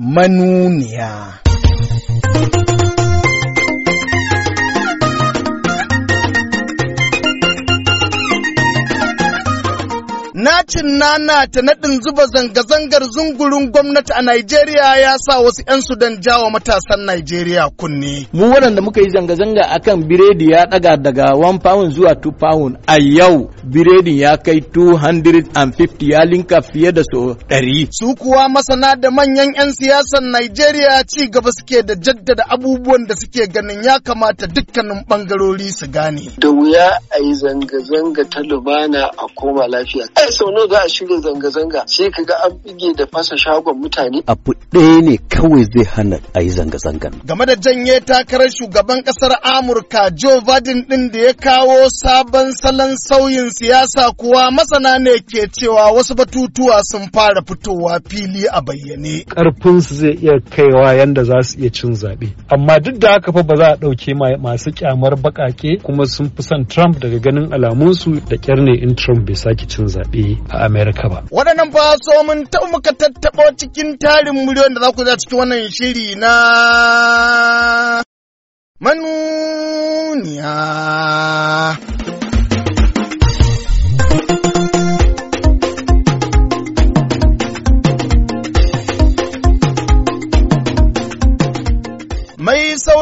manuniya. nacin nana ta naɗin zuba zanga-zangar zungurun gwamnati a Najeriya ya sa wasu 'yan Sudan jawo matasan Najeriya kunne. Mu waɗanda muka yi zanga-zanga akan biredi ya ɗaga daga 1 pound zuwa 2 pound a yau biredin ya kai 250 ya linka fiye da so 100. Su kuwa masana da manyan 'yan siyasar Najeriya ci gaba suke da jaddada abubuwan da suke ganin ya kamata dukkanin bangarori su gane. Da wuya ayi yi zanga-zanga ta lubana a koma lafiya. ai sau nawa za a shirya zanga-zanga sai ka ga an buge da fasa shagon mutane. Abu ɗaya ne kawai zai hana a yi zanga-zangan. Game da janye takarar shugaban ƙasar Amurka Joe Biden ɗin da ya kawo sabon salon sauyin siyasa kuwa masana ne ke cewa wasu batutuwa sun fara fitowa fili a bayyane. su zai iya kaiwa yanda za su iya cin zaɓe. Amma duk da haka fa ba za a ɗauke masu kyamar baƙaƙe kuma sun fi son Trump daga ganin alamunsu da kyar ne in Trump bai sake cin zaɓe. tafi a Amerika ba. Waɗannan fa so mun muka tattaɓo cikin tarin miliyon da za ku za cikin wannan shiri na manuniya.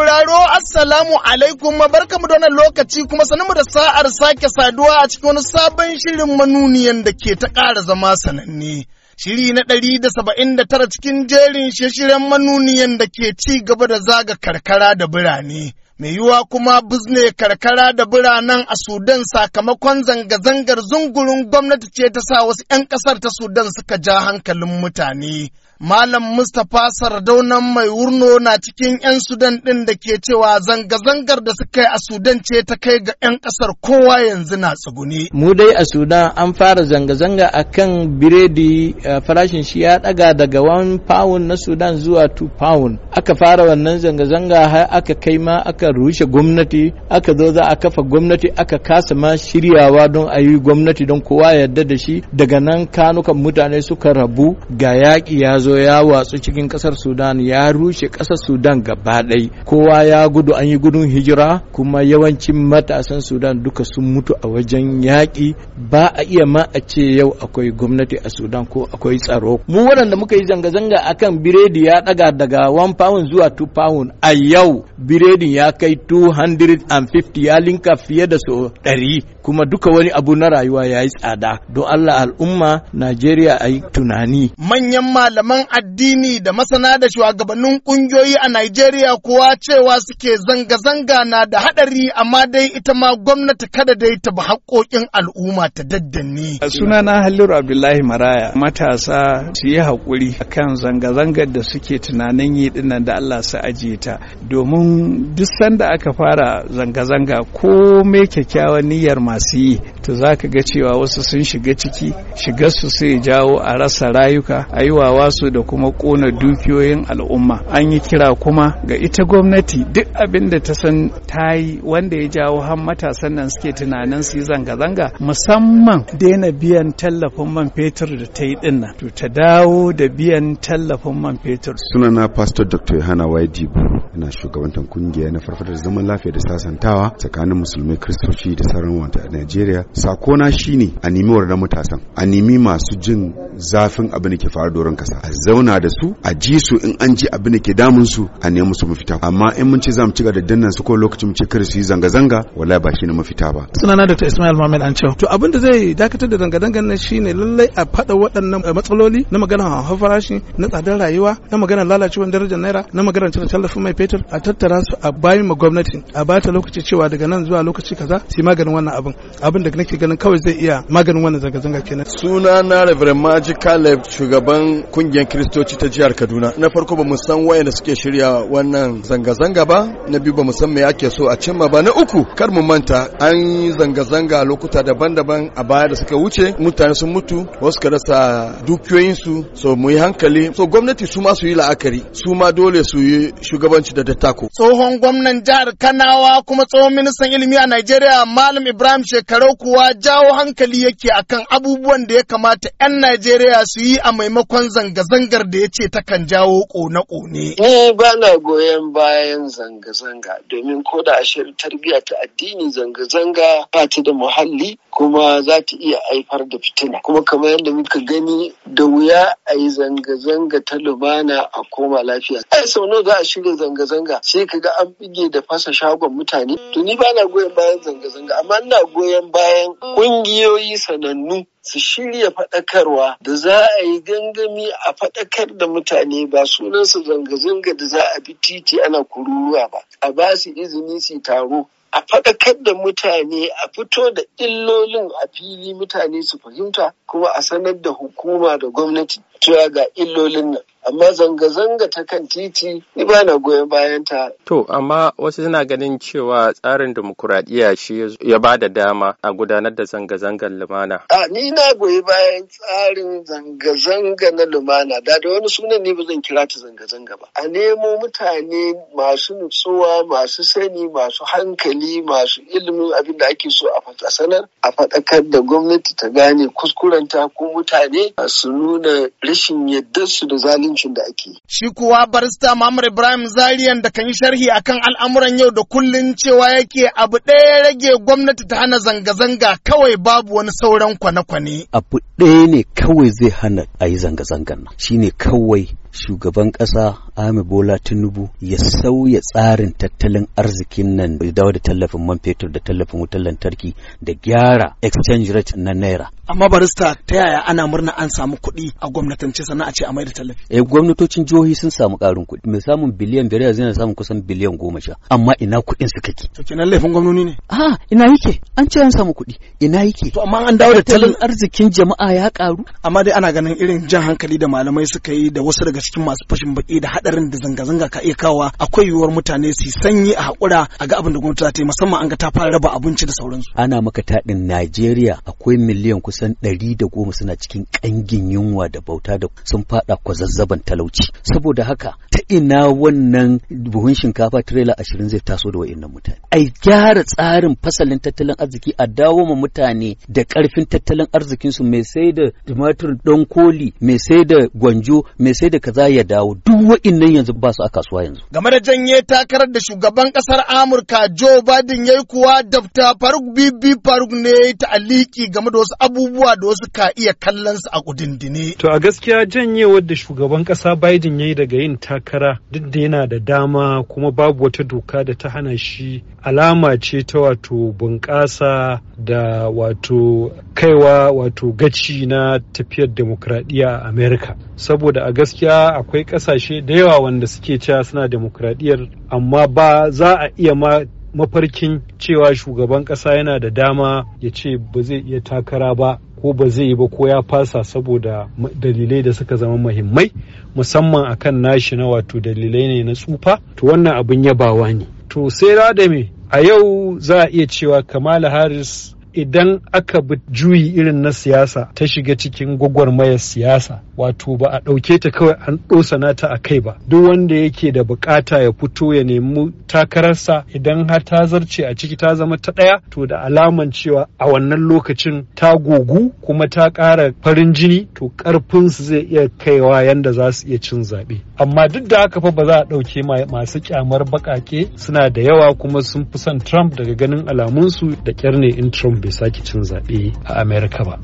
sauraro assalamu alaikum barkamu da wannan lokaci kuma sanimu da sa'ar sake saduwa a cikin wani sabon shirin manuniyan da ke ta ƙara zama sananne. shiri na ɗari da saba'in da tara cikin jerin shirye manuniyan da ke ci gaba da zaga karkara da birane. Mai yiwuwa kuma bizne karkara da biranen a Sudan sakamakon zanga-zangar zungurin gwamnati ce ta sa wasu 'yan ƙasar ta Sudan suka ja hankalin mutane. Malam Mustapha Sardaunan mai wurno na cikin 'yan Sudan ɗin da ke cewa zanga-zangar da suka yi a Sudan ce ta kai ga 'yan ƙasar kowa yanzu na tsugune. Mu dai a Sudan an fara zanga-zanga a kan biredi eh, farashin shi ya ɗaga daga 1 pound na Sudan zuwa 2 pound. Aka fara wannan zanga-zanga har aka kai ma aka rushe gwamnati, aka zo za a kafa gwamnati aka kasa ma shiryawa don a yi gwamnati don kowa yarda da shi daga nan kanukan mutane suka rabu ga yaƙi ya zo. zo ya watsu cikin kasar sudan ya rushe kasar sudan gaba ɗai kowa ya gudu an yi gudun hijira kuma yawancin matasan sudan duka sun mutu a wajen yaƙi ba a iya ma a ce yau akwai gwamnati a sudan ko akwai tsaro mu waɗanda muka yi zanga-zanga akan biredi ya ɗaga daga 1 pound zuwa 2 pound a yau biredin ya kai 250 ya linka fiye da so 100 kuma duka wani abu na rayuwa ya yi tsada don allah al'umma najeriya a yi tunani manyan malaman malaman addini da masana da shugabannin ƙungiyoyi a Najeriya kuwa cewa suke zanga-zanga na da haɗari amma dai ita ma gwamnati kada dai ta bi haƙoƙin al'umma ta Suna Sunana Halliru Abdullahi Maraya matasa su yi haƙuri akan zanga-zangar da suke tunanin yi dinnan da Allah su ajiye ta domin duk sanda aka fara zanga-zanga ko me kyakkyawan niyyar masu yi to za ka ga cewa wasu sun shiga ciki shiga su sai jawo a rasa rayuka a yi wasu da kuma kona dukiyoyin al'umma an yi kira kuma ga ita gwamnati duk abin da ta san ta yi wanda ya jawo har matasan nan suke tunanin su yi zanga-zanga musamman daina biyan tallafin man fetur da ta yi dinnan to ta dawo da biyan tallafin man fetur sunana pastor dr yohana waidibu ina shugabantar kungiya na farfadar zaman lafiya da sasantawa tsakanin musulmai kristoci da sauran wata a najeriya sakona shine a nemi na matasan a nemi masu jin zafin abin da ke faru doron kasa a zauna da su a ji su in an ji abin da ke damun su a nemi su mafita amma in mun ce za mu ci gaba da dannan su ko lokacin mu ce kar su yi zanga-zanga wallahi ba shine mafita ba sunana dr ismail mohammed an to abin da zai dakatar da zanga-zangan nan shine lallai a fada waɗannan eh, matsaloli na magana hawa farashi na tsadar rayuwa na magana lalacewar darajar naira na magana cin tallafin mai fetur a tattara su a bayin ma gwamnati a bata lokaci cewa daga nan zuwa lokaci kaza su maganin wannan abin abin da nake ganin kawai zai iya maganin wannan zanga-zanga kenan sunana reverend magic caleb shugaban kungiyar kiristoci ta jihar kaduna na farko ba mu san wayanda suke shirya wannan zanga-zanga ba na biyu ba mu san me ake so a cimma ba na uku kar mu manta an yi zanga-zanga lokuta daban-daban a baya da suka wuce mutane sun mutu wasu ka rasa dukiyoyinsu so mu yi hankali so gwamnati su ma su yi la'akari su ma dole su yi shugabanci da dattako tsohon gwamnan jihar kanawa kuma tsohon ministan ilimi a najeriya malam ibrahim shekarau kuwa jawo hankali yake akan abubuwan da ya kamata 'yan najeriya su yi a maimakon zanga zangar da ya ce ta kan jawo ƙone-ƙone. Ni eh, ba na goyon bayan zanga-zanga domin ko da ashirin tarbiyya ta addini zanga-zanga ba ta da muhalli kuma za ta iya haifar da fitina. Kuma kamar yadda muka gani da wuya a yi zanga-zanga ta lumana a koma lafiya. Ai sau nawa za a shirya zanga-zanga sai ka ga an bige da fasa shagon mutane. To ni ba na goyon bayan zanga-zanga amma ina goyon bayan ƙungiyoyi sanannu su shirya faɗakarwa da za a yi gangami a faɗakar da mutane ba sunansa zanga-zanga da za a bi titi ana kururuwa ba a ba su izini su taro a faɗakar da mutane a fito da illolin a fili mutane su fahimta kuma a sanar da hukuma da gwamnati cewa ga illolin nan amma zanga-zanga ta kan titi ni ba na goyon bayan ta. To amma wasu suna ganin cewa tsarin dimokuraɗiyya shi ya ba da dama a gudanar da zanga-zangar lumana. A ni na goyi bayan tsarin zanga-zanga na lumana da da wani sunan ne ba zan kira ta zanga-zanga ba. A nemo mutane masu nutsuwa masu sani masu hankali masu ilimin abin da ake so a sanar a faɗakar da gwamnati ta gane kuskurenta ko mutane su nuna rashin yadda su da zalunci hukuncin da ake. Shi kuwa barista Mamar Ibrahim Zariyan da kan yi sharhi akan al'amuran yau da kullun cewa yake abu ɗaya rage gwamnati ta hana zanga-zanga kawai babu wani sauran kwane-kwane. Abu ɗaya ne kawai zai hana a yi zanga-zangan nan ne kawai shugaban ƙasa Ami Bola Tinubu ya sauya tsarin tattalin arzikin nan da dawo da tallafin man fetur da tallafin wutar lantarki da gyara exchange rate na naira. Amma barista ta yaya ana murna an samu kuɗi a gwamnatance sannan a ce a maida tallafi? Eh gwamnatocin jihohi sun samu ƙarin kuɗi. Mai samun biliyan biyar yanzu yana samun kusan biliyan goma sha. Amma ina kuɗin su kake? To kenan laifin gwamnoni ne? Ah ina yake? An ce an samu kuɗi. Ina yake? To amma an dawo da tattalin arzikin jama'a ya ƙaru. Amma dai ana ganin irin jan hankali da malamai suka yi da wasu daga cikin masu fashin baƙi da haɗa hadarin da zanga-zanga ka iya kawa akwai yiwuwar mutane su sanyi a hakura a ga abin da gwamnati za ta yi musamman an ga ta fara raba abinci da sauransu ana maka taɗin Najeriya akwai miliyan kusan ɗari da goma suna cikin ƙangin yunwa da bauta da sun faɗa kwazazzaban talauci saboda haka ta ina wannan buhun shinkafa tirela ashirin zai taso da wa'innan mutane ai gyara tsarin fasalin tattalin arziki a dawo ma mutane da ƙarfin tattalin arzikinsu mai sai da tumatir don koli mai sai da gwanjo mai sai da kaza ya dawo duk wa'in nan yanzu ba su a kasuwa yanzu. Game da janye takarar da shugaban ƙasar Amurka Joe Biden ya yi kuwa dafta Faruk Bibi Faruk ne aliki game da wasu abubuwa da wasu ka iya kallon su a kudindine. To a gaskiya janyewar da shugaban ƙasa Biden ya yi daga yin takara duk da yana da dama kuma babu wata doka da ta hana shi alama ce ta wato bunƙasa da wato kaiwa wato gaci na tafiyar demokradiyya a Amerika. saboda a gaskiya akwai kasashe da yawa wanda suke cewa suna demokradiyyar amma ba za a iya ma mafarkin cewa shugaban kasa yana da dama ya ce ba zai iya takara ba ko ba zai yi ba ko ya fasa saboda dalilai da suka zama mahimmai musamman akan nashi na wato dalilai ne na tsufa to wannan abin yabawa ne to sai da me a yau za a iya cewa kamala harris idan aka bi juyi irin na siyasa ta shiga cikin gwagwarmayar siyasa wato ba a ɗauke ta kawai an ɗosana ta a kai ba duk wanda yake da bukata ya fito ya nemi takararsa idan har ta zarce a ciki ta zama ta ɗaya to da alaman cewa a wannan lokacin ta gogu kuma ta ƙara farin jini to ƙarfinsu zai iya kaiwa yanda za su iya cin zaɓe amma duk da haka fa ba za a ɗauke masu kyamar baƙaƙe suna da yawa kuma sun fi son Trump daga ganin alamunsu da ƙyar ne in Trump bai sake cin zaɓe a Amerika ba.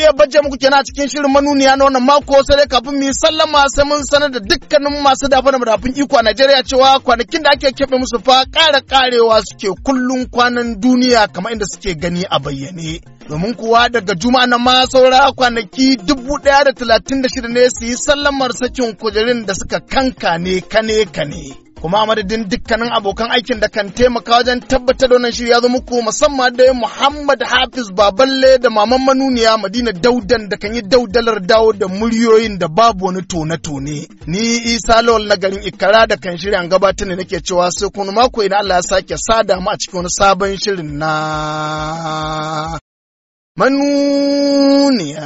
mu ya bajje muku kenan a cikin shirin manuniya na wannan mako sai dai kafin mu yi sallama sai mun sanar da dukkanin masu dafa da madafin iko a Najeriya cewa kwanakin da ake keɓe musu fa ƙara ƙarewa suke kullun kwanan duniya kamar inda suke gani a bayyane. domin kuwa daga juma'a na ma saura kwanaki dubu ɗaya da talatin da shida ne su yi sallamar sakin kujerin da suka kankane kane kane. kuma a madadin dukkanin abokan aikin da kan taimaka wajen tabbatar da wannan shirya zo muku musamman dai Muhammad Hafiz Baballe da Maman Manuniya Madina Daudan da kan yi daudalar dawo da muryoyin da babu wani tone-tone. Ni Isa Lawal na garin Ikara da kan shirya gabatar ne nake cewa sai ma mako idan Allah ya sake sada mu a cikin wani sabon shirin na Manuniya.